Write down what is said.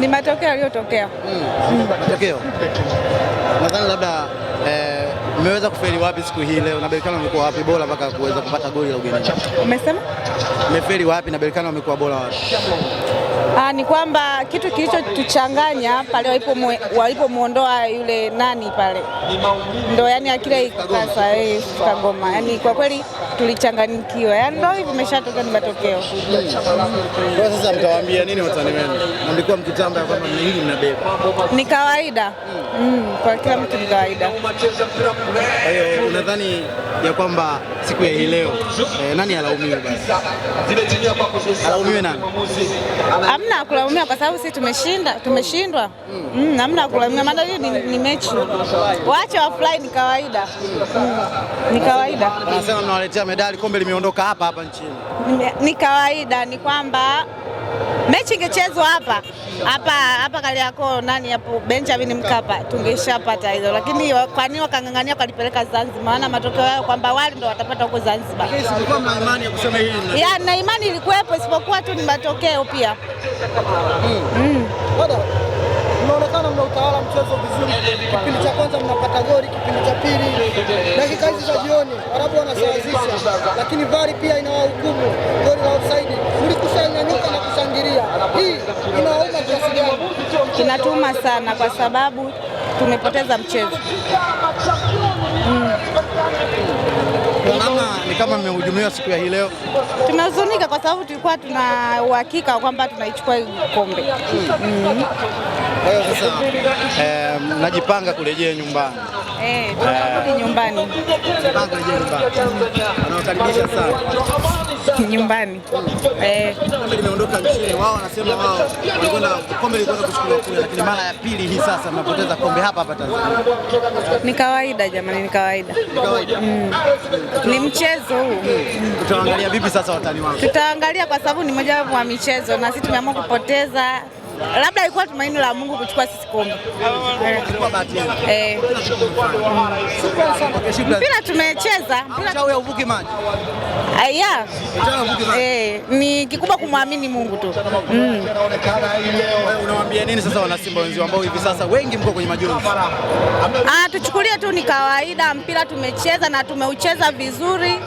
ni matokeo yaliyotokea. Hmm, matokeo nadhani labda eh, mmeweza kufeli wapi siku hii leo, na Berkane wamekuwa wapi bora mpaka kuweza kupata goli la ugenini? Umesema mmefeli wapi na Berkane wamekuwa bora wapi? Aa, ah, ni kwamba kitu kilichotuchanganya pale walipomwondoa yule nani pale, ndo yani akile ikakasa eh, Kagoma. Yani kwa kweli tulichanganyikiwa, yani ndo hivi imeshatoka ni matokeo. Hmm. Kwa sasa mtawaambia nini watani wenu? Mlikuwa mkitamba kwamba hili mnabeba, ni kawaida mm, kwa kila mtu ni kawaida. Kwa hiyo eh, nadhani ya kwamba siku ya hii leo eh, nani alaumiwe basi? Alaumiwe nani? Hamna kulaumiwa kwa sababu sisi tumeshinda, tumeshindwa. Mm, hamna kulaumiwa maana hii ni, ni mechi. Waache fly ni kawaida. Mm, ni kawaida. Anasema mnawaletea medali, kombe limeondoka hapa hapa nchini. ni kawaida, ni kwamba mechi ingechezwa hapa hapa hapa yako nani hapo Benjamin Mkapa, tungeshapata hilo, lakini kwa nini wakang'ang'ania kalipeleka Zanzibar? Maana matokeo yao kwamba wale ndo watapata huko Zanzibar. Ya, na imani ilikuwepo, isipokuwa tu ni matokeo pia hmm. mm. Bado Mnaonekana mna utawala mchezo vizuri, kipindi cha kwanza mnapata goli, kipindi cha pili, dakika hizi za jioni Arabu wanasawazisha, lakini VAR pia inawahukumu goli la offside. kinatuma sana kwa sababu tumepoteza mchezo mm. ni kama mmehujumiwa siku ya hii leo. Tumehuzunika kwa sababu tulikuwa tuna uhakika kwamba tunaichukua kombe. Kwa mm. mm. hiyo eh, sasa eh, mnajipanga kurejea nyumbani. Eh, tunarudi eh. nyumbani. kurejea nyumbani. Anawakaribisha sana nyumbani. Eh, kombe limeondoka nchini, wao wanasema wao walikwenda kombe lilikwenda kuchukuliwa kule, lakini mara ya pili hii sasa mnapoteza kombe hapa hapa Tanzania. Ni kawaida jamani, ni kawaida, ni kawaida. Mm. Ni mchezo huu. Mm. Tutaangalia vipi sasa watani wao? Tutaangalia kwa sababu ni moja wa michezo na sisi tumeamua kupoteza labda ilikuwa tumaini la Mungu kuchukua sisi kombe. mpira eh. tumecheza aya, ah, eh, ni kikubwa kumwamini Mungu tu. Mm. Unawaambia nini sasa wana Simba wenzio ambao hivi sasa wengi mko kwenye majonzi? Ah, tuchukulie tu ni kawaida, mpira tumecheza na tumeucheza vizuri.